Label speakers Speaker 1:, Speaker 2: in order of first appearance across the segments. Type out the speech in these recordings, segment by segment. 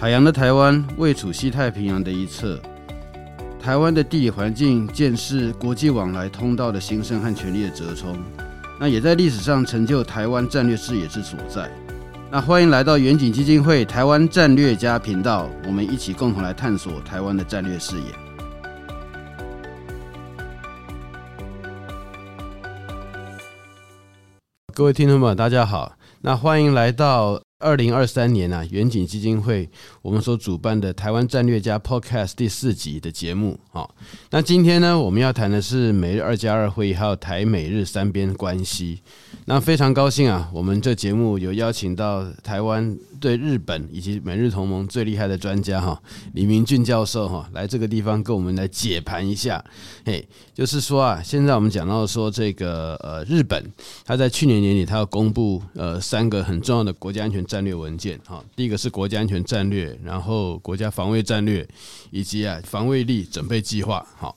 Speaker 1: 海洋的台灣位處西太平洋的一側，台灣的地理環境、建市、國際往來通道的興盛和權力的折衝，那也在歷史上成就台灣戰略視野之所在。那歡迎來到遠景基金會台灣戰略家頻道，我們一起共同來探索台灣的戰略視野。各位聽眾們，大家好，那歡迎來到。二零二三年啊，遠景基金會我們所主辦的台灣戰略家 Podcast 第四集的節目。那今天呢，我們要談的是美日二加二會議，還有台美日三邊關係。那非常高興啊，我們這節目有邀請到台灣，對日本以及美日同盟最厲害的專家哈，李明峻教授哈，來這個地方跟我們來解盤一下，嘿，就是說啊，現在我們講到說這個呃日本，他在去年年底他要公布呃三個很重要的國家安全戰略文件哈，第一個是國家安全戰略，然後國家防衛戰略以及啊防衛力準備計劃，哈，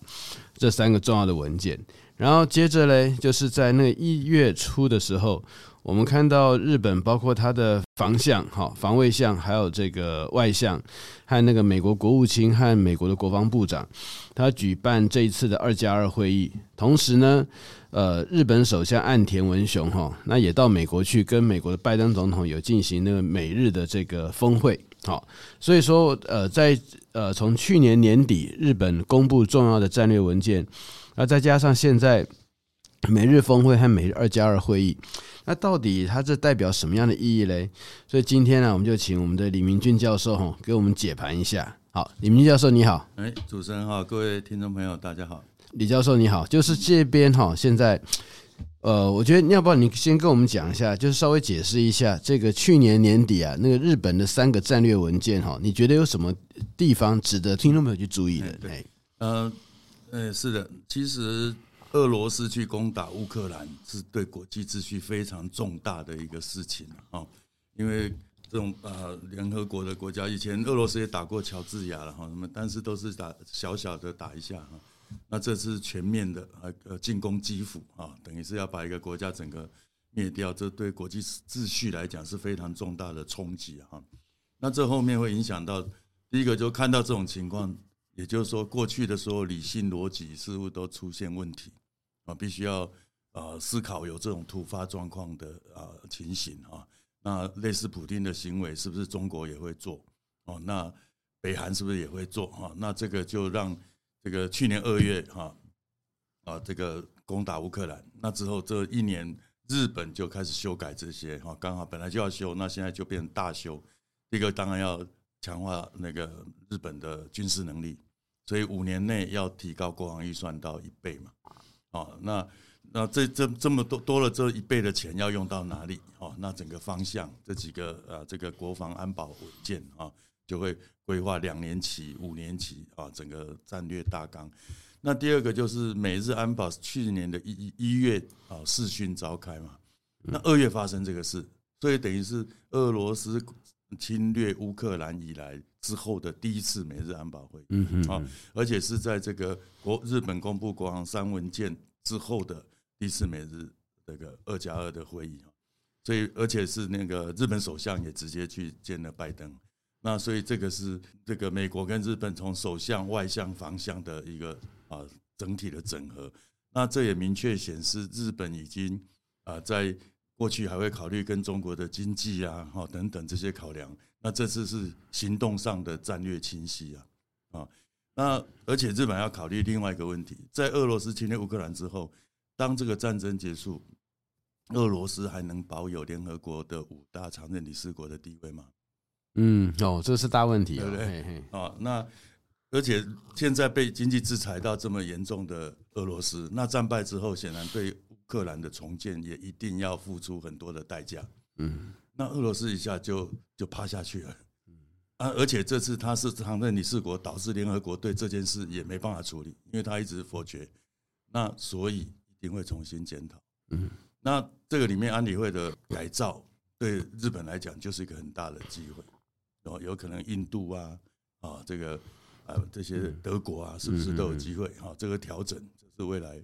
Speaker 1: 這三個重要的文件，然後接着嘞就是在那個一月初的時候。我們看到日本包括他的防相、哈防衛相，還有這個外相，還有那個美國國務卿和美國的國防部長，他舉辦這一次的二加二會議。同時呢，呃，日本首相岸田文雄哈、哦、那也到美國去跟美國的拜登總統有進行那個美日的這個峰會。好、哦，所以說呃，在呃從去年年底日本公布重要的戰略文件，那再加上現在美日峰會和美日二加二會議。那到底它這代表什麼樣的意義嘞？所以今天呢，我們就請我們的李明峻教授哈給我們解盤一下。好，李明峻教授你好，
Speaker 2: 哎，主持人哈，各位聽眾朋友大
Speaker 1: 家好，李教授你好，就是這邊哈現在，呃，我覺得你要不然你先跟我們講一下，就是稍微解釋一下這個去年年底啊，那個日本的三個戰略文件哈，你覺得有什麼地方值得聽眾朋友去注意的？
Speaker 2: 對，呃，是的，其實。俄羅斯去攻打烏克蘭是對國際秩序非常重大的一個事情啊，因為這種啊聯合國的國家以前俄羅斯也打過喬治亞了哈，那麼但是都是打小小的打一下哈，那這次全面的呃呃進攻基輔啊，等於是要把一個國家整個滅掉，這對國際秩序來講是非常重大的衝擊哈。那這後面會影響到第一個就看到這種情況，也就是說，過去的所有理性邏輯似乎都出現問題。啊，必須要啊思考有這種突發狀況的啊情形啊。那類似普丁的行為，是不是中國也會做？哦，那北韓是不是也會做？哈，那這個就讓這個去年二月哈啊這個攻打烏克蘭，那之後這一年日本就開始修改這些哈，剛好本來就要修，那現在就變大修。這個當然要強化那個日本的軍事能力，所以五年內要提高國防預算到一倍嘛。哦，那那這這這麼多多了這一倍的錢要用到哪裡？哦，那整個方向這幾個呃、啊，這個國防安保文件啊，就會規劃兩年期、五年期啊，整個戰略大綱。那第二個就是美日安保，去年的一一月啊，視訊召開嘛，那二月發生這個事，所以等於是俄羅斯。侵略烏克蘭以來之後的第一次美日安保會，啊，而且是在這個國日本公布國安三文件之後的第一次美日這個二加二的會議，所以而且是那個日本首相也直接去見了拜登，那所以這個是這個美國跟日本從首相外相、防相的一個啊整體的整合，那這也明確顯示日本已經啊在。過去還會考慮跟中國的經濟啊，哈、哦、等等這些考量。那這次是行動上的戰略清晰啊，啊、哦，那而且日本要考慮另外一個問題，在俄羅斯侵略烏克蘭之後，當這個戰爭結束，俄羅斯還能保有聯合國的五大常任理事國的地位嗎？
Speaker 1: 嗯，哦，這是大問題、哦、對不對？
Speaker 2: 啊嘿、哦，那而且現在被經濟制裁到這麼嚴重的俄羅斯，那戰敗之後，顯然對。克蘭的重建也一定要付出很多的代價，嗯、那俄羅斯一下就就趴下去了，啊，而且這次他是常任理事國，導致聯合國對這件事也沒辦法處理，因為他一直否決，那所以一定會重新檢討，那這個裡面安理會的改造對日本來講就是一個很大的機會，有可能印度啊、啊這個啊、這些德國啊是不是都有機會？啊這個調整就是未來。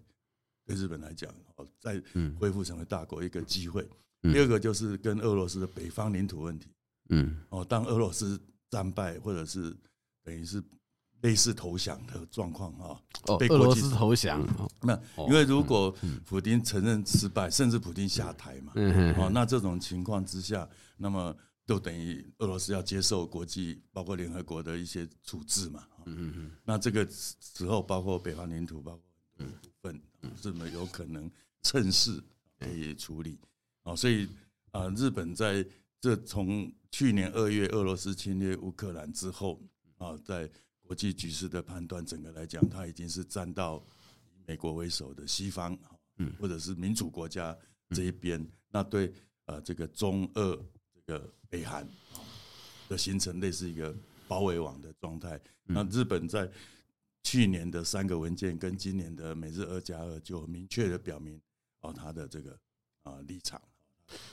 Speaker 2: 對日本來講，哦，再恢復成為大國一個機會。第二個就是跟俄羅斯的北方領土問題，嗯，哦，當俄羅斯戰敗或者是等於是類似投降的狀況，被國際投降，那因為如果普丁承認失敗，甚至普丁下台
Speaker 1: 嘛，那
Speaker 2: 這種情況之下，那麼就等於俄羅斯要接受國際包括聯合國的一些處置嘛，嗯嗯，那這個時候包括北方領土，包括部分。這麼有可能趁勢可以處理啊，所以啊，日本在這從去年二月俄羅斯侵略烏克蘭之後啊，在國際局勢的判斷，整個來講，它已經是站到美國為首的西方，或者是民主國家這一邊，那對啊，這個中俄這個北韓啊，的形成類似一個包圍網的狀態，那日本在。去年的三個文件跟今年的美日二加二，就明確的表明，哦，他的這個啊立場。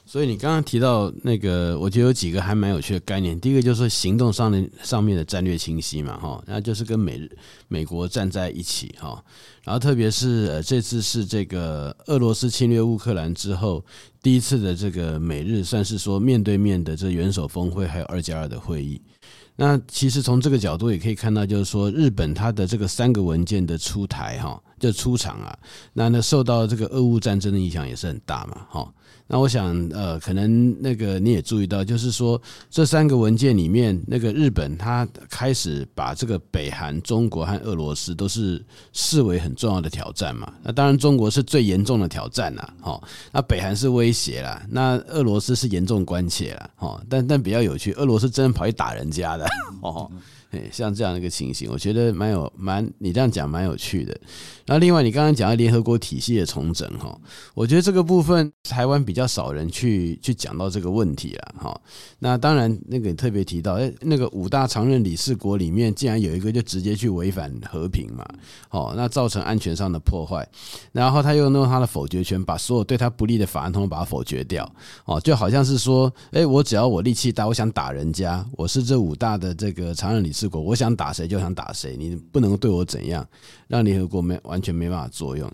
Speaker 1: 所以你剛剛提到那個，我覺得有幾個還蠻有趣的概念。第一個就是說行動上的上面的戰略清晰嘛，哈，那就是跟美日美國站在一起，哈。然後特別是呃這次是這個俄羅斯侵略烏克蘭之後第一次的這個美日算是說面對面的這元首峰會，還有二加二的會議。那其實從這個角度也可以看到，就是說日本它的這個三個文件的出台，哈，就出場啊，那那受到這個俄烏戰爭的影響也是很大嘛，哈。那我想，呃，可能那個你也注意到，就是說這三個文件裡面，那個日本它開始把這個北韓、中國和俄羅斯都是視為很重要的挑戰嘛。那當然，中國是最嚴重的挑戰啦，哦，那北韓是威脅啦，那俄羅斯是嚴重關切啦，哦，但但比較有趣，俄羅斯真的跑去打人家的，哦。像這樣的一個情形，我覺得蠻有蠻，你這樣講蠻有趣的。那另外，你剛剛講到聯合國體系的重整哈，我覺得這個部分台灣比較少人去去講到這個問題了哈。那當然，那個也特別提到，哎，那個五大常任理事國裡面，竟然有一個就直接去違反和平嘛，哦，那造成安全上的破壞，然後他又用他的否決權，把所有對他不利的法案，通通把它否決掉，哦，就好像是說，哎，我只要我力氣大，我想打人家，我是這五大的這個常任理。我想打誰就想打誰，你不能對我怎樣，讓聯合國沒完全沒辦法作用。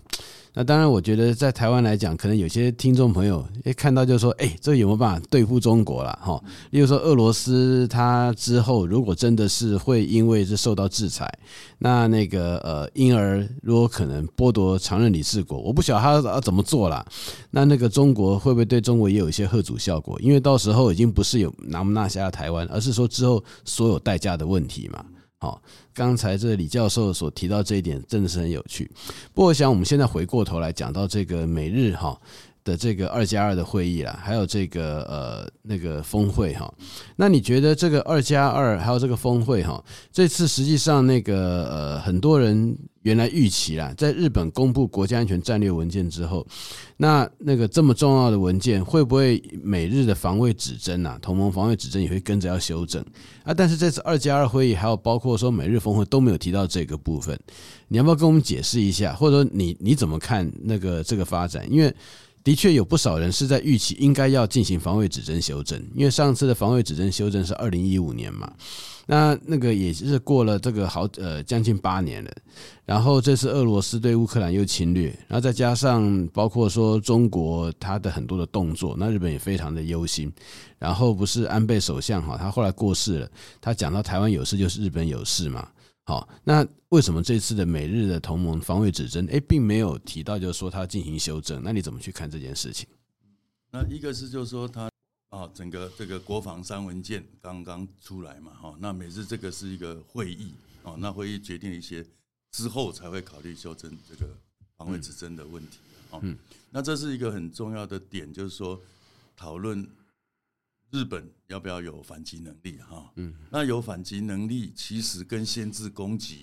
Speaker 1: 那當然，我覺得在台灣來講，可能有些聽眾朋友一看到就說，哎、欸，這有沒有辦法對付中國了？哈，例如說俄羅斯，他之後如果真的是會因為這受到制裁，那那個呃，因而如果可能剝奪常任理事國，我不曉得他要怎麼做啦。那那個中國會不會對中國也有一些嚇阻效果？因為到時候已經不是有拿不拿下台灣，而是說之後所有代價的問題嘛。好，剛才這李教授所提到這一點真的是很有趣。不過，我想我們現在回過頭來講到這個美日哈。的這個二加二的會議啦，還有這個呃那個峰會哈，那你覺得這個二加二還有這個峰會哈？這次實際上那個呃很多人原來預期啦，在日本公布國家安全戰略文件之後，那那個這麼重要的文件會不會美日的防衛指針啊，同盟防衛指針也會跟着要修正啊？但是這次二加二會議還有包括說美日峰會都沒有提到這個部分，你要不要跟我們解釋一下，或者說你你怎麼看那個這個發展？因為的確有不少人是在預期應該要進行防衛指針修正，因為上次的防衛指針修正是二零一五年嘛，那那個也是過了這個好呃將近八年了，然後這次俄羅斯對烏克蘭又侵略，然後再加上包括說中國他的很多的動作，那日本也非常的憂心，然後不是安倍首相哈，他後來過世了，他講到台灣有事就是日本有事嘛。好，那為什麼這次的美日的同盟防衛指針誒、欸，並沒有提到就是說它進行修正？那你怎麼去看這件事情？
Speaker 2: 那一個是就是說它啊，整個這個國防三文件剛剛出來嘛，哈，那美日這個是一個會議啊，那會議決定一些之後才會考慮修正這個防衛指針的問題啊。嗯嗯，那這是一個很重要的點，就是說討論。日本要不要有反擊能力？哈，嗯，那有反擊能力，其實跟先制攻擊，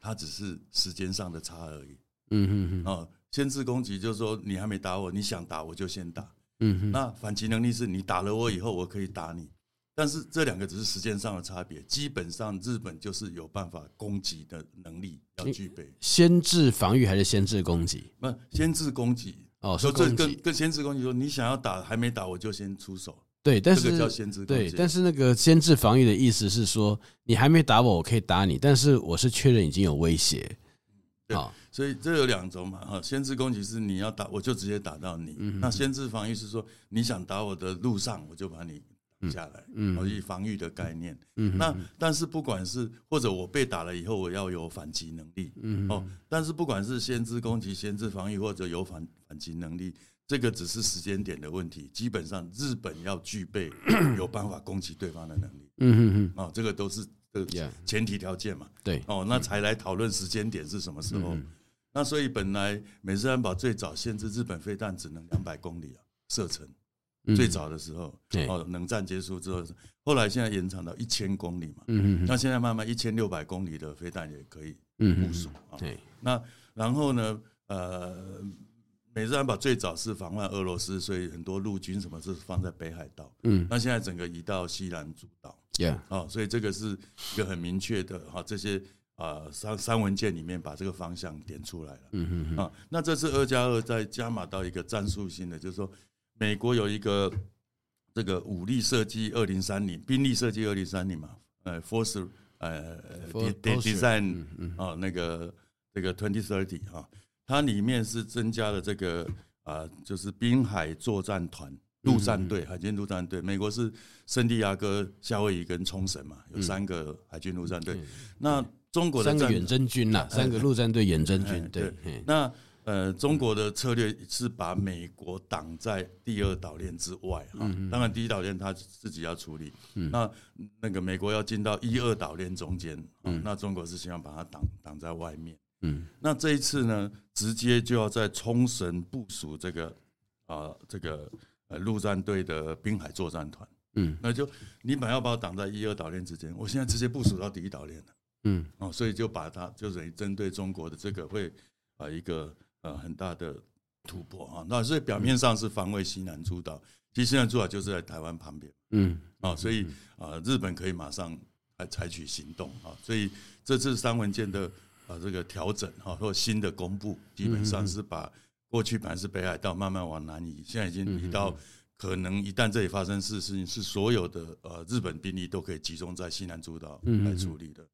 Speaker 2: 它只是時間上的差而已。嗯嗯嗯，哦，先制攻擊就是說你還沒打我，你想打我就先打。嗯嗯哼，那反擊能力是你打了我以後，我可以打你。但是這兩個只是時間上的差別，基本上日本就是有辦法攻擊的能力要具備。
Speaker 1: 先制防禦還是先制攻擊？
Speaker 2: 那先制攻擊哦，就這跟跟先制攻擊說，你想要打還沒打我就先出手。對，但是對，但
Speaker 1: 是那個先制防禦的意思是說，你還沒打我，我可以打你，但是我是確認已經有威脅，
Speaker 2: 啊對，好所以這有兩種嘛，哈，先制攻擊是你要打我就直接打到你，嗯、哼那先制防禦是說你想打我的路上我就把你打下來，嗯，嗯防禦的概念，嗯哼，那但是不管是或者我被打了以後我要有反擊能力，嗯哼，哦，但是不管是先制攻擊、先制防禦或者有反反擊能力。這個只是時間點的問題，基本上日本要具備有辦法攻擊對方的能力，嗯、哼哼哦，這個都是呃前提條件嘛。對，Yeah. 哦，那才來討論時間點是什麼時候。嗯、哼那所以本來美日安保最早限制日本飛彈只能兩百公里啊射程，嗯、
Speaker 1: 最早
Speaker 2: 的時候，嗯、哦，冷戰結束之後，後來現在延長到一千公里嘛。嗯嗯哼嗯。那現在慢慢一千六百公里的飛彈也可以部署啊。對、哦，那然後呢？呃。美日安保最早是防範俄羅斯，所以很多陸軍什麼是放在北海道。嗯，那現在整個移到西南諸島。y Yeah . e、啊、所以這個是一個很明確的哈、啊，這些啊三三文件裡面把這個方向點出來了。嗯嗯嗯、啊。那這次二加二再加碼到一個戰術性的，就是說美國有一個這個武力設計二零三零，兵力設計二零三零嘛。呃，force 呃 For, de de design、嗯、哼啊，那個那個 twenty thirty 哈。它裡面是增加了這個啊，就是濱海作戰團、陸戰隊、海軍陸戰隊。美國是聖地亞哥、夏威夷跟沖繩嘛，有三個海軍陸戰隊。那中國的三個遠征軍吶，三個陸戰隊遠征軍。對，那呃，中國的策略是把美國擋在第二島鏈之外哈。當然，第一島鏈他自己要處理。那那個美國要進到一、二島鏈中間，那中國是希望把它擋擋在外面。嗯，那這一次呢，直接就要在沖繩部署這個啊、呃，這個呃陸戰隊的濱海作戰團。嗯，那就你本來要把我擋在一、二島鏈之間，我現在直接部署到第一島鏈了。嗯，哦，所以就把它就等於針對中國的這個會啊、呃、一個呃很大的突破啊。那、哦、所以表面上是防衛西南諸島，其實西南諸島就是在台灣旁邊。嗯，啊、哦，所以啊、呃、日本可以馬上來採取行動啊、哦。所以這次三文艦的。把、啊、這個調整啊，或新的公布，基本上是把過去本來是北海道慢慢往南移，現在已經移到可能一旦這裡發生事事情，是所有的呃、啊、日本兵力都可以集中在西南諸島
Speaker 1: 來處理的。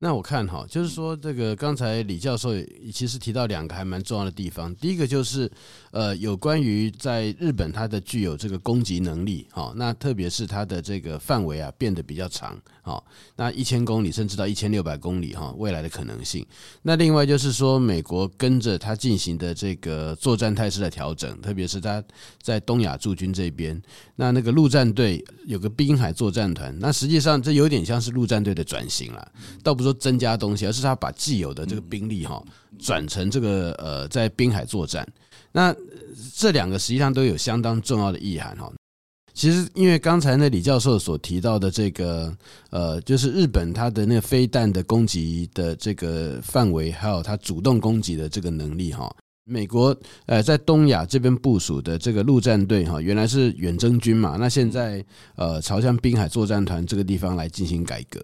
Speaker 1: 那我看哈，就是說這個剛才李教授其實提到兩個還蠻重要的地方。第一個就是呃，有關於在日本它的具有這個攻擊能力哈，那特別是它的這個範圍啊變得比較長哈，那一千公里甚至到一千六百公里哈，未來的可能性。那另外就是說，美國跟着它進行的這個作戰態勢的調整，特別是它在東亞駐軍這邊，那那個陸戰隊有個濱海作戰團，那實際上這有點像是陸戰隊的轉型了，倒不。說增加東西，而是他把既有的這個兵力哈轉成這個呃在濱海作戰，那這兩個實際上都有相當重要的意涵哈。其實因為剛才那李教授所提到的這個呃，就是日本他的那個飛彈的攻擊的這個範圍，還有他主動攻擊的這個能力哈。美國呃，在東亞這邊部署的這個陸戰隊哈，原來是遠征軍嘛，那現在呃，朝向濱海作戰團這個地方來進行改革。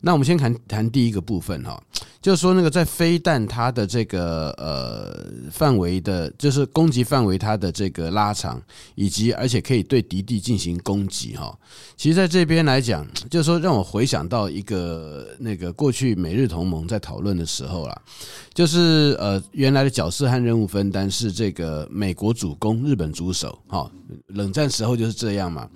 Speaker 1: 那我們先談談第一個部分哈，就是說那個在飛彈它的這個呃範圍的，就是攻擊範圍它的這個拉長，以及而且可以對敵地進行攻擊哈。其實在這邊來講，就是說，讓我回想到一個那個過去美日同盟在討論的時候啦，就是呃，原來的角色和任任務分擔是這個美國主攻，日本主守。哈，冷戰時候就是這樣嘛。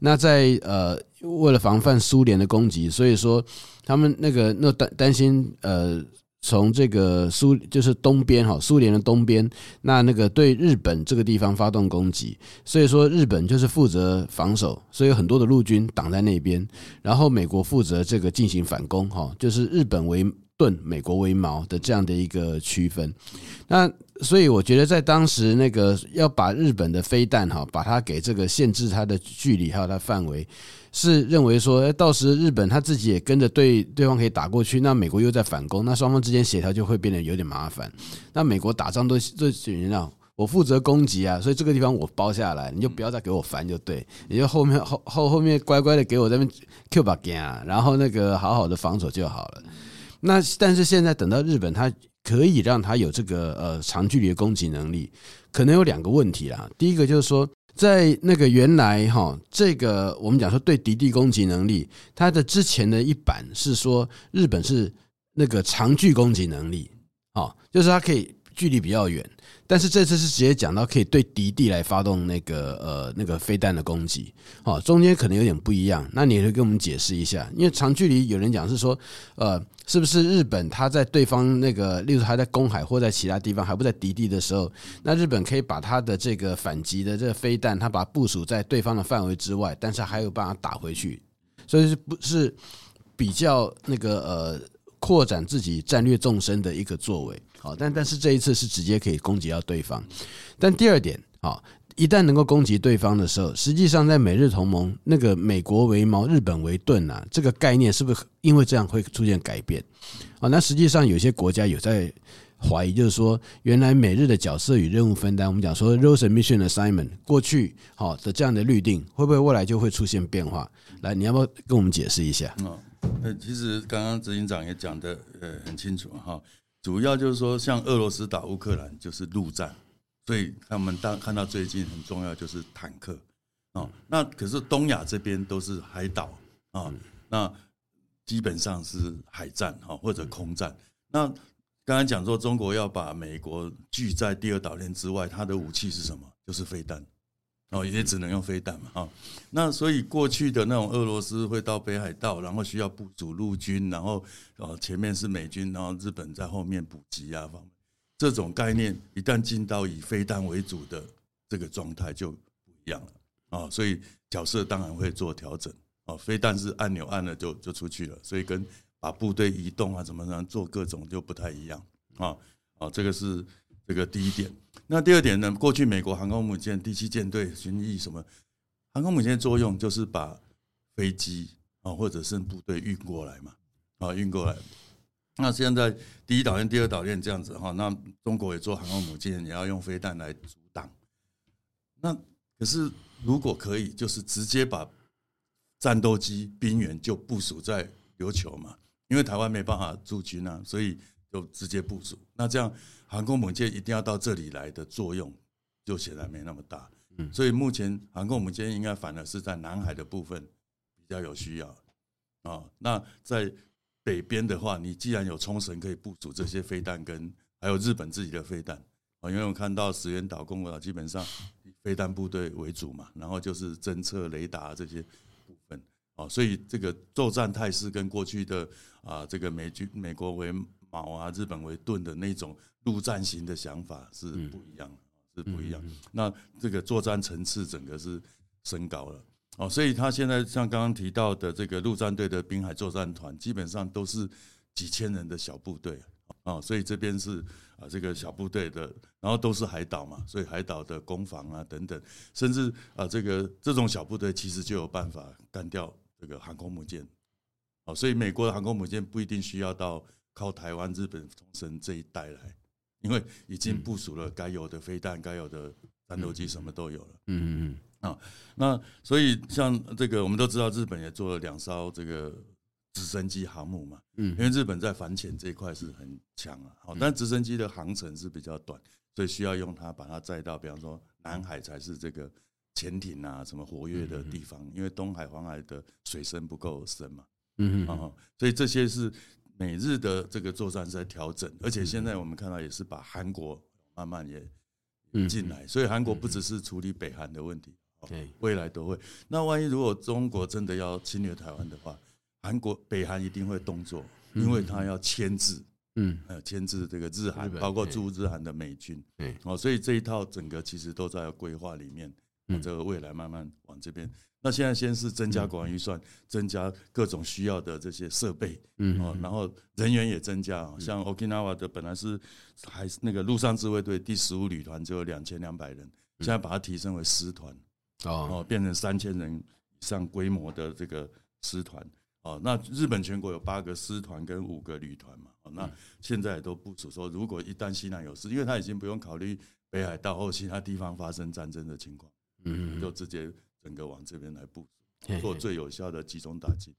Speaker 1: 那在呃，為了防範蘇聯的攻擊，所以說他們那個那擔擔心呃，從這個蘇就是東邊哈，蘇聯的東邊，那那個對日本這個地方發動攻擊，所以說日本就是負責防守，所以很多的陸軍擋在那邊，然後美國負責這個進行反攻。哈，就是日本為盾，美國為矛的這樣的一個區分。那所以我覺得，在當時那個要把日本的飛彈哈，把它給這個限制它的距離還有它範圍，是認為說到時日本他自己也跟着對對方可以打過去，那美國又在反攻，那雙方之間協調就會變得有點麻煩。那美國打仗都都是這樣，我負責攻擊啊，所以這個地方我包下來，你就不要再給我煩就對，你就後面後後後面乖乖的給我在那邊 Q 把劍啊，然後那個好好的防守就好了。那但是現在等到日本它。可以讓他有這個呃長距離的攻擊能力，可能有兩個問題啦。第一個就是說，在那個原來哈，這個我們講說對敵地攻擊能力，它的之前的一版是說日本是那個長距攻擊能力啊，就是它可以距離比較遠。但是這次是直接講到可以對敵地來發動那個呃那個飛彈的攻擊，好，中間可能有點不一樣，那你會跟我們解釋一下？因為長距離有人講是說，呃，是不是日本他在對方那個，例如他在公海或在其他地方還不在敵地的時候，那日本可以把他的這個反擊的這個飛彈，他把他部署在對方的範圍之外，但是還有辦法打回去，所以是不是比較那個呃？擴展自己戰略縱深的一個作為，好，但但是這一次是直接可以攻擊到對方。但第二點，好，一旦能夠攻擊對方的時候，實際上在美日同盟那個美國為矛，日本為盾啊，這個概念是不是因為這樣會出現改變？好，那實際上有些國家有在懷疑，就是說原來美日的角色與任務分擔，我們講說 role and mission assignment，過去好的這樣的律定，會不會未來就會出現變化？來，你要不要跟我們解釋一下？
Speaker 2: 那其實剛剛執行長也講得呃，很清楚哈，主要就是說，像俄羅斯打烏克蘭就是陸戰，所以他們當看到最近很重要就是坦克啊。那可是東亞這邊都是海島啊，那基本上是海戰哈，或者空戰。那剛剛講說中國要把美國拒在第二島鏈之外，它的武器是什麼？就是飛彈。哦，也只能用飛彈嘛，啊，那所以過去的那種俄羅斯會到北海道，然後需要部署陸軍，然後，呃，前面是美軍，然後日本在後面補給啊方面，這種概念一旦進到以飛彈為主的這個狀態就不一樣了啊，所以角色當然會做調整啊，飛彈是按鈕按了就就出去了，所以跟把部隊移動啊什麼什麼做各種就不太一樣啊啊，這個是，這個第一點，那第二點呢？過去美國航空母艦第七艦隊巡弋，什麼航空母艦的作用就是把飛機啊，或者是部隊運過來嘛，啊，運過來。那現在第一島鏈、第二島鏈這樣子哈，那中國也做航空母艦，也要用飛彈來阻擋。那可是如果可以，就是直接把戰鬥機兵員就部署在琉球嘛，因為台灣沒辦法駐軍啊，所以。就直接部署，那這樣航空母艦一定要到這裡來的作用，就顯然沒那麼大。嗯，所以目前航空母艦應該反而是在南海的部分比較有需要啊、哦。那在北邊的話，你既然有沖繩可以部署這些飛彈，跟還有日本自己的飛彈啊、哦，因為我看到石垣島、宮古島基本上以飛彈部隊為主嘛，然後就是偵測雷達這些部分啊、哦，所以這個作戰態勢跟過去的啊，這個美軍美國為矛啊，日本為盾的那種陸戰型的想法是不一樣的，嗯、是不一樣。嗯嗯嗯、那這個作戰層次整個是升高了哦，所以他現在像剛剛提到的這個陸戰隊的濱海作戰團，基本上都是幾千人的小部隊哦。所以這邊是啊這個小部隊的，然後都是海島嘛，所以海島的攻防啊等等，甚至啊這個這種小部隊其實就有辦法幹掉這個航空母艦哦。所以美國的航空母艦不一定需要到。靠台灣、日本、沖繩這一帶來，因為已經部署了該有的飛彈、該、嗯、有的戰鬥機，什麼都有
Speaker 1: 了
Speaker 2: 嗯。嗯嗯嗯。啊、哦，那所以像這個，我們都知道日本也做了兩艘這個直升機航母嘛。嗯。因為日本在反潛這一塊是很強啊，好，但直升機的航程是比較短，所以需要用它把它載到，比方說南海才是這個潛艇啊什麼活躍的地方，因為東海、黃海的水深不夠深嘛。嗯嗯。所以這些是。美日的這個作戰是在調整，而且現在我們看到也是把韓國慢慢也進來，所以韓國不只是處理北韓的問題，對，未來都會。那萬一如果中國真的要侵略台灣的話，韓國北韓一定會動作，因為他要牽制，嗯，還有，牽制這個日韓，包括駐日韓的美軍，對，哦，所以這一套整個其實都在規劃裡面。哦、這個未來慢慢往這邊。嗯、那現在先是增加國防預算，增加各種需要的這些設備，嗯、哦，然後人員也增加、哦。像 Okinawa 的本來是還是那個陸上自衛隊第十五旅團只有兩千兩百人，現在把它提升為師團，哦，變成三千人以上規模的這個師團。哦，那日本全國有八個師團跟五個旅團嘛。哦，那現在也都不止。說，如果一旦西南有事，因為他已經不用考慮北海道或其他地方發生戰爭的情況。嗯，就直接整個往這邊來部署，做最有效的集中打擊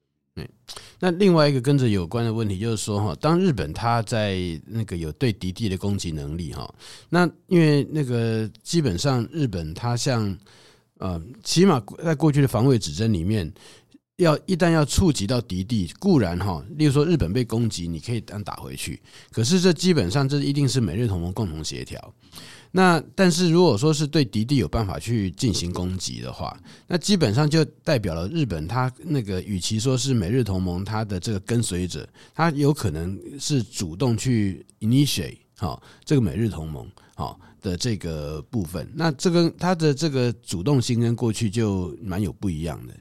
Speaker 1: 那另外一個跟着有關的問題就是說，哈，當日本它在那個有對敵地的攻擊能力，哈，那因為那個基本上日本它像，呃，起碼在過去的防衛指針裡面，要一旦要觸及到敵地，固然哈，例如說日本被攻擊，你可以當打回去，可是這基本上這一定是美日同盟共同協調。那但是，如果說是對敵地有辦法去進行攻擊的話，那基本上就代表了日本，他那個與其說是美日同盟，他的這個跟隨者，他有可能是主動去 initiate 好這個美日同盟好的這個部分。那這跟他的這個主動性跟過去就蠻有不一樣的，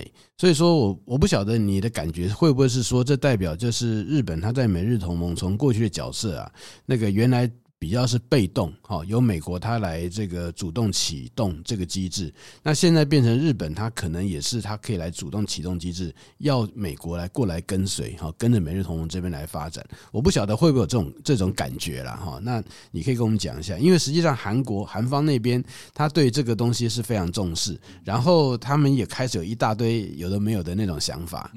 Speaker 1: 誒，所以說我我不曉得你的感覺會不會是說，這代表就是日本他在美日同盟從過去的角色啊，那個原來。比較是被動，哈，由美國他來這個主動啟動這個機制，那現在變成日本，他可能也是他可以來主動啟動機制，要美國來過來跟隨，哈，跟着美日同盟這邊來發展，我不曉得會不會有這種這種感覺了，哈，那你可以跟我們講一下，因為實際上韓國韓方那邊他對這個東西是非常重視，然後他們也開始有一大堆有的沒有的那種想法，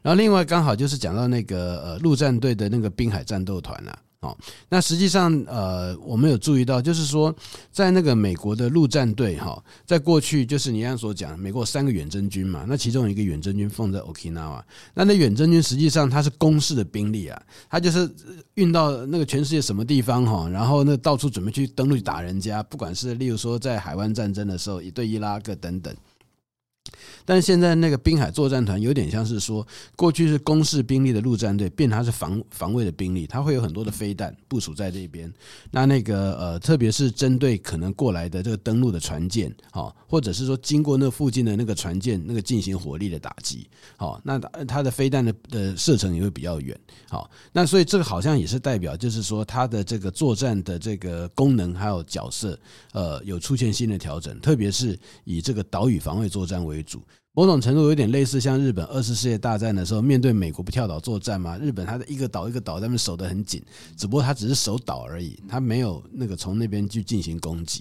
Speaker 1: 然後另外剛好就是講到那個呃陸戰隊的那個濱海戰鬥團啊。好，那實際上，呃，我們有注意到，就是說，在那個美國的陸戰隊，哈，在過去，就是你剛才所講，美國有三個遠征軍嘛，那其中有一個遠征軍放在 Okinawa，那那遠征軍實際上它是攻勢的兵力啊，它就是運到那個全世界什麼地方哈，然後那到處準備去登陸打人家，不管是例如說在海灣戰爭的時候，一對伊拉克等等。但是現在那個濱海作戰團有點像是說，過去是攻勢兵力的陸戰隊，變它是防防衛的兵力，它會有很多的飛彈部署在這一邊。那那個呃，特別是針對可能過來的這個登陸的船艦，或者是說經過那附近的那個船艦，那個進行火力的打擊，好，那它的飛彈的的射程也會比較遠，好，那所以這個好像也是代表，就是說它的這個作戰的這個功能還有角色，呃，有出現新的調整，特別是以這個島嶼防衛作戰為主。某種程度有點類似像日本二次世界大戰的時候，面對美國不跳島作戰嘛，日本它的一個島一個島他們守得很緊，只不過它只是守島而已，它沒有那個從那邊去進行攻擊。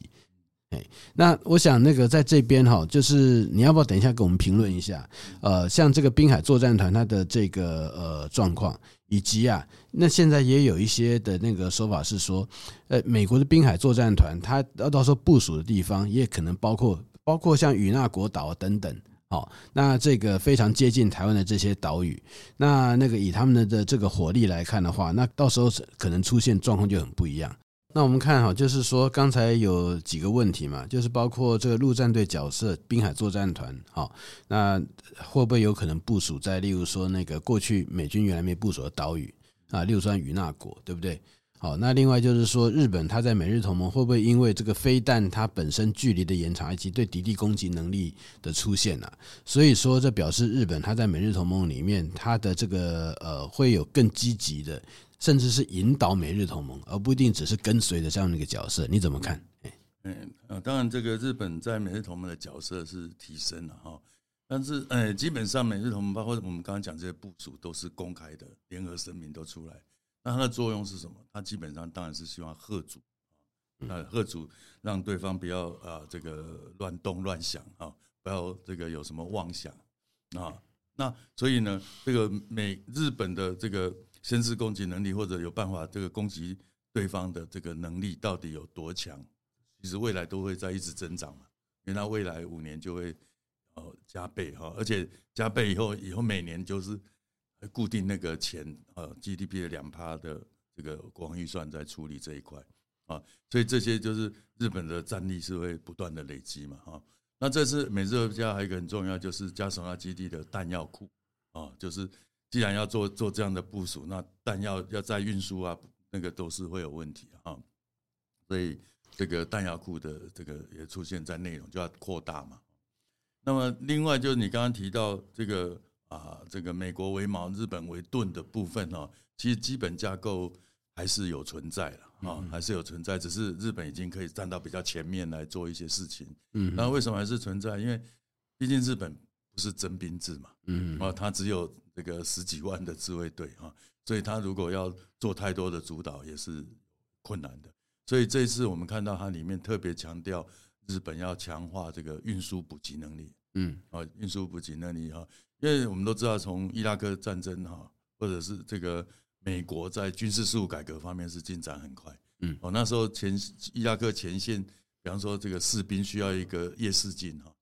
Speaker 1: 哎，那我想那個在這邊哈，就是你要不要等一下給我們評論一下？呃，像這個濱海作戰團它的這個呃狀況，以及啊，那現在也有一些的那個說法是說，呃，美國的濱海作戰團它要到時候部署的地方，也可能包括。包括像與那國島等等，好，那這個非常接近台灣的這些島嶼，那那個以他們的的這個火力來看的話，那到時候可能出現狀況就很不一樣。那我們看哈，就是說剛才有幾個問題嘛，就是包括這個陸戰隊角色、濱海作戰團，好，那會不會有可能部署在例如說那個過去美軍原來沒部署的島嶼啊，六川與那國，對不對？好，那另外就是說，日本它在美日同盟會不會因為這個飛彈它本身距離的延長，以及對敵地攻擊能力的出現呢、啊？所以說，這表示日本它在美日同盟裡面，它的這個呃會有更積極的，甚至是引導美日同盟，而不一定只是跟隨的這樣的一個角色。你怎麼看
Speaker 2: 嗯？嗯，呃、嗯，當然，這個日本在美日同盟的角色是提升了哈，但是誒、嗯，基本上美日同盟包括我們剛剛講這些部署都是公開的，聯合聲明都出來。那它的作用是什麼？它基本上當然是希望嚇阻啊，那嚇阻讓對方不要啊，這個亂動亂想啊，不要這個有什麼妄想啊。那所以呢，這個美日本的這個先制攻擊能力或者有辦法這個攻擊對方的這個能力到底有多強？其實未來都會在一直增長嘛，因為它未來五年就會呃加倍哈，而且加倍以後以後每年就是。固定那個錢，呃，GDP 的兩趴的這個國防預算在處理這一塊啊，所以這些就是日本的戰力是會不斷的累積嘛，哈。那這次美日加還有一個很重要就是嘉手納基地的彈藥庫啊，就是既然要做做這樣的部署，那彈藥要在運輸啊，那個都是會有問題啊。所以這個彈藥庫的這個也出現在內容就要擴大嘛。那麼另外就是你剛剛提到這個。啊，這個美國為矛，日本為盾的部分哦，其實基本架構還是有存在啊，還是有存在，只是日本已經可以站到比較前面來做一些事情。嗯，那為什麼還是存在？因為畢竟日本不是徵兵制嘛，嗯，啊，他只有這個十幾萬的自衛隊啊，所以他如果要做太多的主導也是困難的。所以這一次我們看到它裡面特別強調，日本要強化這個運輸補給能力，嗯啊運輸補給能力，啊，運輸補給能力啊。因為我們都知道，從伊拉克戰爭哈，或者是這個美國在軍事事務改革方面是進展很快，嗯，哦，那時候前伊拉克前線，比方說這個士兵需要一個夜視鏡哈，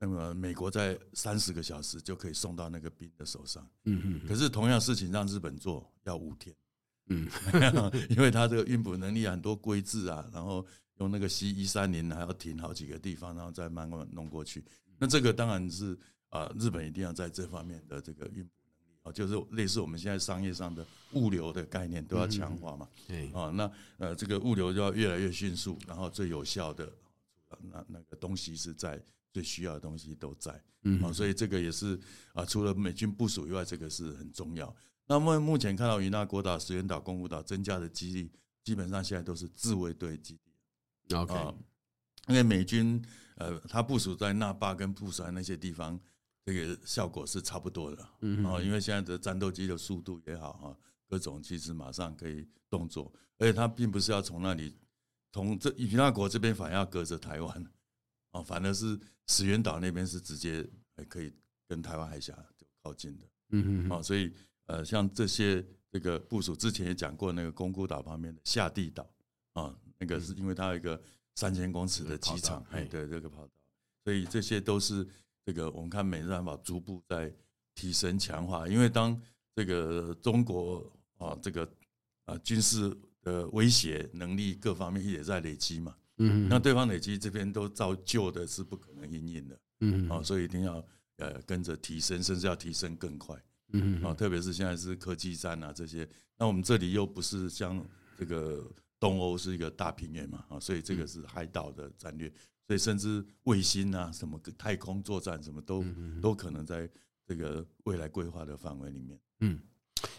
Speaker 2: 那麼美國在三十個小時就可以送到那個兵的手上，嗯嗯，可是同樣事情讓日本做要五天，嗯，因為他這個運補能力很多規制啊，然後用那個 C 一三零還要停好幾個地方，然後再慢慢弄過去，那這個當然是。啊，日本一定要在這方面的這個運補能力啊，就是類似我們現在商業上的物流的概念都要強化嘛。對啊，那呃，這個物流就要越來越迅速，然後最有效的，那、啊、那個東西是在最需要的東西都在。嗯、啊，所以這個也是啊，除了美軍部署以外，這個是很重要。那麼目前看到與那國島、石垣島、宮古島增加的基地，基本上現在都是自衛隊基地。OK，因為美軍呃，他部署在那霸跟富山那些地方。這個效果是差不多的，嗯哼，啊，因為現在的戰鬥機的速度也好，各種其實馬上可以動作，而且它並不是要從那裡，從這與那國島這邊反而要隔着台灣，啊，反而是石垣島那邊是直接可以跟台灣海峽就靠近的，嗯嗯哼，啊，所以呃，像這些這個部署之前也講過，那個宮古島旁邊的下地島啊，那個是因為它有一個三千公尺的機場，哎，對，這個跑道，對所以這些都是。這個我們看美日安保逐步在提升強化，因為當這個中國啊，這個啊軍事的威脅能力各方面也在累積嘛，嗯，那對方累積，這邊都照舊的是不可能因應的，嗯，所以一定要呃跟着提升，甚至要提升更快，嗯，特別是現在是科技戰啊這些，那我們這裡又不是像這個東歐是一個大平原嘛，啊，所以這個是海島的戰略。所以，甚至衛星啊，什麼太空作戰，什麼都都可能在這個未來規劃的範圍裡面。嗯，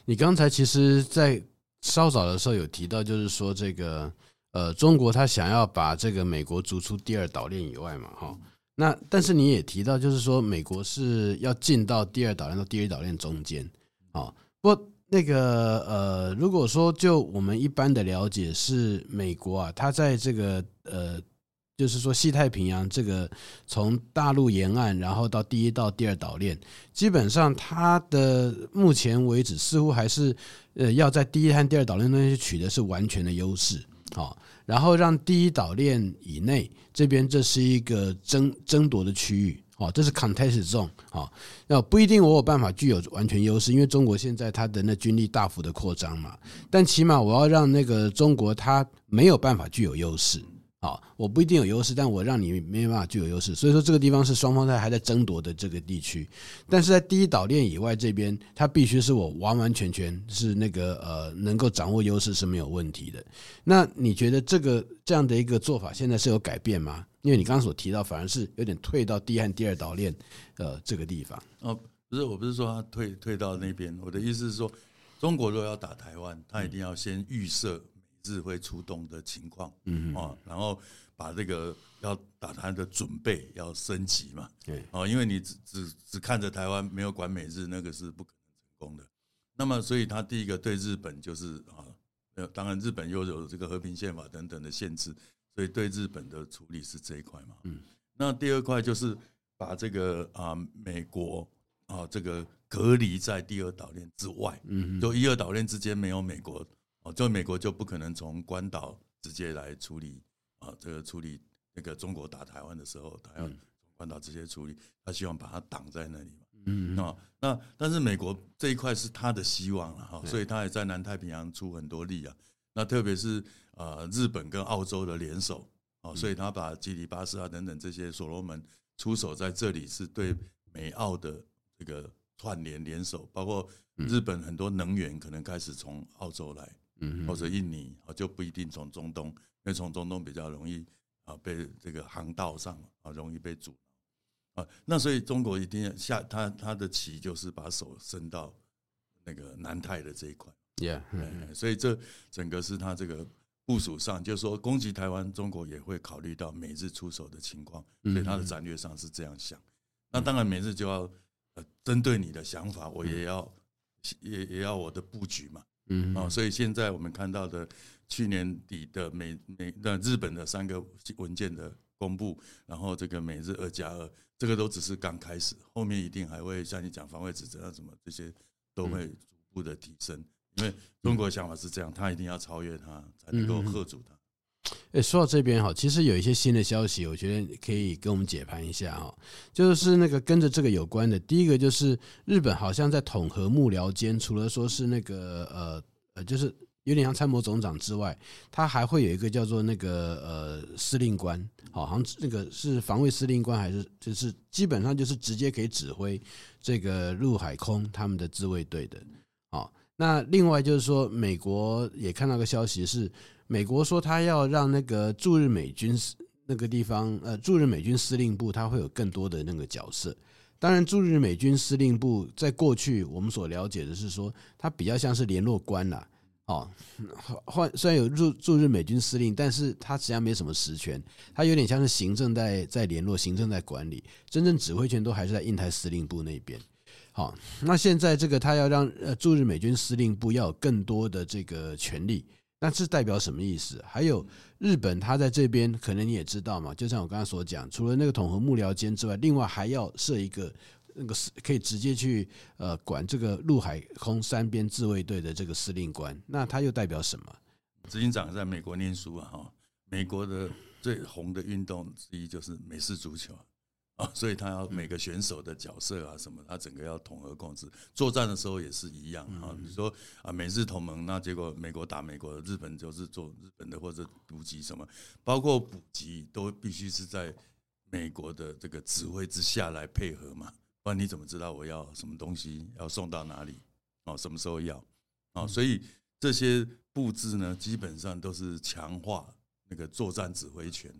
Speaker 1: 你剛才其實，在稍早的時候有提到，就是說這個呃，中國他想要把這個美國逐出第二島鏈以外嘛，哈。那但是你也提到，就是說美國是要進到第二島鏈到第一島鏈中間哈。不過那個呃，如果說就我們一般的了解，是美國啊，他在這個呃。就是說，西太平洋這個從大陸沿岸，然後到第一到第二島鏈，基本上它的目前為止似乎還是呃要在第一和第二島鏈中間去取得是完全的優勢，好，然後讓第一島鏈以內這邊這是一個爭爭奪的區域，哦，這是 contest zone 哦，那不一定我有辦法具有完全優勢，因為中國現在它的那軍力大幅的擴張嘛，但起碼我要讓那個中國它沒有辦法具有優勢。好，我不一定有優勢，但我讓你沒辦法具有優勢，所以說這個地方是雙方在還在爭奪的這個地區，但是在第一島鏈以外這邊，它必須是我完完全全是那個呃能夠掌握優勢是沒有問題的。那你覺得這個這樣的一個做法現在是有改變嗎？因為你剛剛所提到，反而是有點退到第一和第二島鏈呃這個地方。
Speaker 2: 哦，不是，我不是說他退退到那邊，我的意思是說，中國如果要打台灣，他一定要先預設。日會出動的情況，嗯啊哼，然後把這個要打他的準備要升級嘛，對啊，因為你只只只看着台灣，沒有管美日，那個是不可能成功的。那麼，所以他第一個對日本就是啊，當然日本又有這個和平憲法等等的限制，所以對日本的處理是這一塊嘛，嗯。那第二塊就是把這個啊美國啊這個隔離在第二島鏈之外，嗯哼，就一、二島鏈之間沒有美國。哦，就美國就不可能從關島直接來處理啊，這個處理那個中國打台灣的時候，他要從關島直接處理，他希望把它擋在那裡嘛。嗯，啊，那但是美國這一塊是他的希望了，所以他也在南太平洋出很多力啊。那特別是啊日本跟澳洲的聯手啊，所以他把基里巴斯啊等等這些所羅門出手在這裡是對美澳的這個串聯聯手，包括日本很多能源可能開始從澳洲來。嗯，或者印尼啊，就不一定從中東，因為從中東比較容易啊，被這個航道上啊，容易被阻。啊，那所以中國一定要下他他的棋，就是把手伸到那個南太的這一塊。
Speaker 1: Yeah，對，所
Speaker 2: 以這整個是他這個部署上，就是說攻擊台灣，中國也會考慮到美日出手的情況，所以他的戰略上是這樣想。嗯、那當然，美日就要呃針對你的想法，我也要、嗯、也也要我的布局嘛。嗯啊，所以現在我們看到的去年底的美美那日本的三個文件的公布，然後這個美日二加二，這個都只是剛開始，後面一定還會像你講防衛指責啊什麼這些，都會逐步的提升，嗯、哼因為中國的想法是這樣，他一定要超越他才能夠嚇阻他。嗯
Speaker 1: 哎，說到這邊哈，其實有一些新的消息，我覺得可以跟我們解盤一下哈。就是那個跟着這個有關的，第一個就是日本好像在統合幕僚間，除了說是那個呃呃，就是有點像參謀總長之外，他還會有一個叫做那個呃司令官，好像那個是防衛司令官還是就是基本上就是直接可以指揮這個陸海空他們的自衛隊的。好，那另外就是說，美國也看到個消息是。美國說，他要讓那個駐日美軍那個地方，呃，駐日美軍司令部，他會有更多的那個角色。當然，駐日美軍司令部在過去我們所了解的是說，他比較像是聯絡官了、啊。哦，換雖然有駐駐日美軍司令，但是他實際上沒什麼實權，他有點像是行政在在聯絡，行政在管理，真正指揮權都還是在印太司令部那邊。好，那現在這個他要讓駐日美軍司令部要有更多的這個權力。那這代表什麼意思？還有日本，他在這邊可能你也知道嘛，就像我剛剛所講，除了那個統合幕僚監之外，另外還要設一個那個可以直接去呃管這個陸海空三邊自衛隊的這個司令官，那他又代表什麼？
Speaker 2: 執行長在美國念書啊，哈，美國的最紅的運動之一就是美式足球。啊，所以他要每個選手的角色啊，什麼，他整個要統合控制。作戰的時候也是一樣啊，比如說啊，美日同盟，那結果美國打美國，日本就是做日本的或者補給什麼，包括補給都必須是在美國的這個指揮之下來配合嘛，不然你怎麼知道我要什麼東西要送到哪裡？哦，什麼時候要？哦，所以這些布置呢，基本上都是強化那個作戰指揮權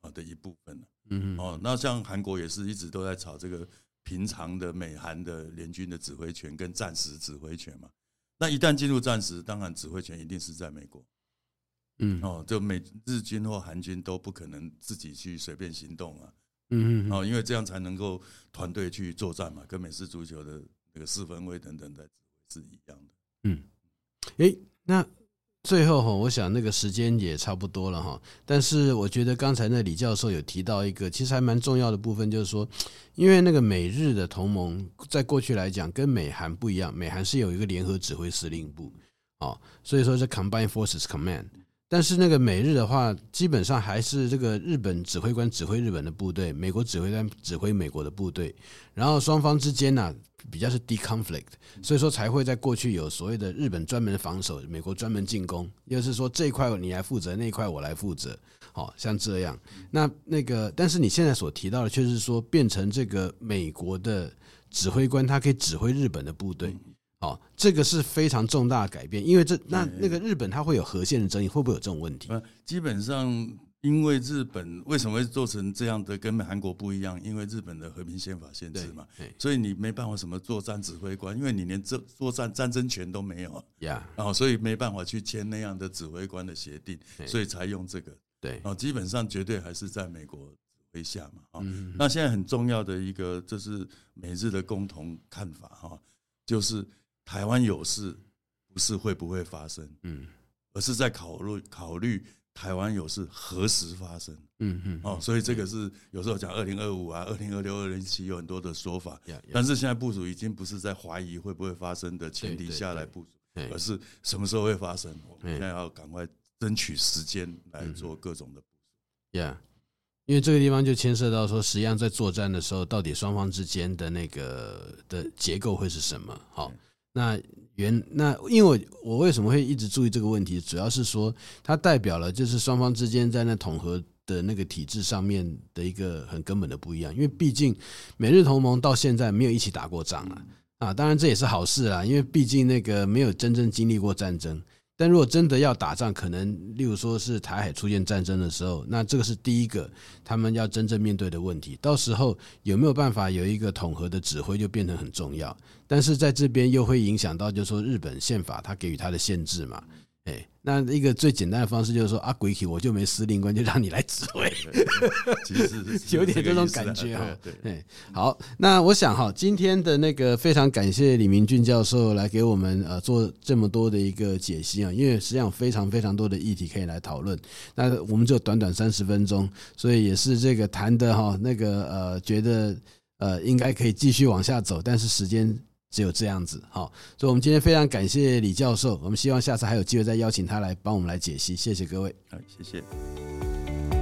Speaker 2: 啊的一部分了。嗯，嗯哦，那像韓國也是一直都在吵這個平常的美韓的聯軍的指揮權跟戰時指揮權嘛。那一旦進入戰時，當然指揮權一定是在美國。嗯，嗯，嗯哦，就美日軍或韓軍都不可能自己去隨便行動啊。嗯嗯，嗯，嗯哦，因為這樣才能夠團隊去作戰嘛，跟美式足球的那個四分衛等等的是一樣的。嗯，
Speaker 1: 誒、欸，那。最後哈，我想那個時間也差不多了哈。但是我覺得剛才那李教授有提到一個，其實還蠻重要的部分，就是說，因為那個美日的同盟在過去來講跟美韓不一樣，美韓是有一個聯合指揮司令部啊，所以說是 Combined Forces Command。但是那個美日的話，基本上還是這個日本指揮官指揮日本的部隊，美國指揮官指揮美國的部隊，然後雙方之間呢、啊、比較是 deconflict，所以說才會在過去有所謂的日本專門防守，美國專門進攻，又是說這一塊你來負責，那塊我來負責，好像這樣。那那個，但是你現在所提到的卻是說，變成這個美國的指揮官，他可以指揮日本的部隊。嗯。哦，這個是非常重大的改變，因為這那那，那個日本它會有核線的爭議，會不會有這種問題？
Speaker 2: 基本上，因為日本為什麼會做成這樣的，跟韓國不一樣？因為日本的和平憲法限制嘛，對，所以你沒辦法什麼作戰指揮官，因為你連這作戰戰爭權都沒有呀，啊 Yeah.、哦，所以沒辦法去簽那樣的指揮官的協定，所以才用這個對、哦，基本上絕對還是在美國指揮下嘛，啊、哦，嗯、哼那現在很重要的一個就是美日的共同看法哈、哦，就是。台灣有事不是會不會發生，嗯，而是在考慮考慮台灣有事何時發生，嗯嗯，哦，所以這個是有時候講二零二五啊，二零二六、二零二七有很多的說法，但是現在部署已經不是在懷疑會不會發生的前提下來部署，而是什麼時候會發生，我們現在要趕快爭取時間來做各種的部署，
Speaker 1: 因為這個地方就牽涉到說，實際上在作戰的時候，到底雙方之間的那個的結構會是什麼，好。那原那，因為我為什麼會一直注意這個問題？主要是說，它代表了就是雙方之間在那統合的那個體制上面的一個很根本的不一樣。因為畢竟美日同盟到現在沒有一起打過仗啊啊，當然這也是好事啊，因為畢竟那個沒有真正經歷過戰爭。但如果真的要打仗，可能例如說是台海出現戰爭的時候，那這個是第一個他們要真正面對的問題。到時候有沒有辦法有一個統合的指揮，就變得很重要。但是在這邊又會影響到，就是說日本憲法它給予它的限制嘛。那一個最簡單的方式就是說啊，鬼鬼我就沒司令官，就讓你來指揮， 其實是 有點這種感覺哈。對，對，對，對，好，那我想哈，今天的那個非常感謝李明峻教授來給我們呃做這麼多的一個解析啊，因為實際上非常非常多的議題可以來討論。那我們只有短短三十分鐘，所以也是這個談的哈那個呃，覺得呃應該可以繼續往下走，但是時間。只有這樣子，好，所以我們今天非常感謝李教授，我們希望下次還有機會再邀請他來幫我們來解析，謝謝各位。好，謝
Speaker 2: 謝。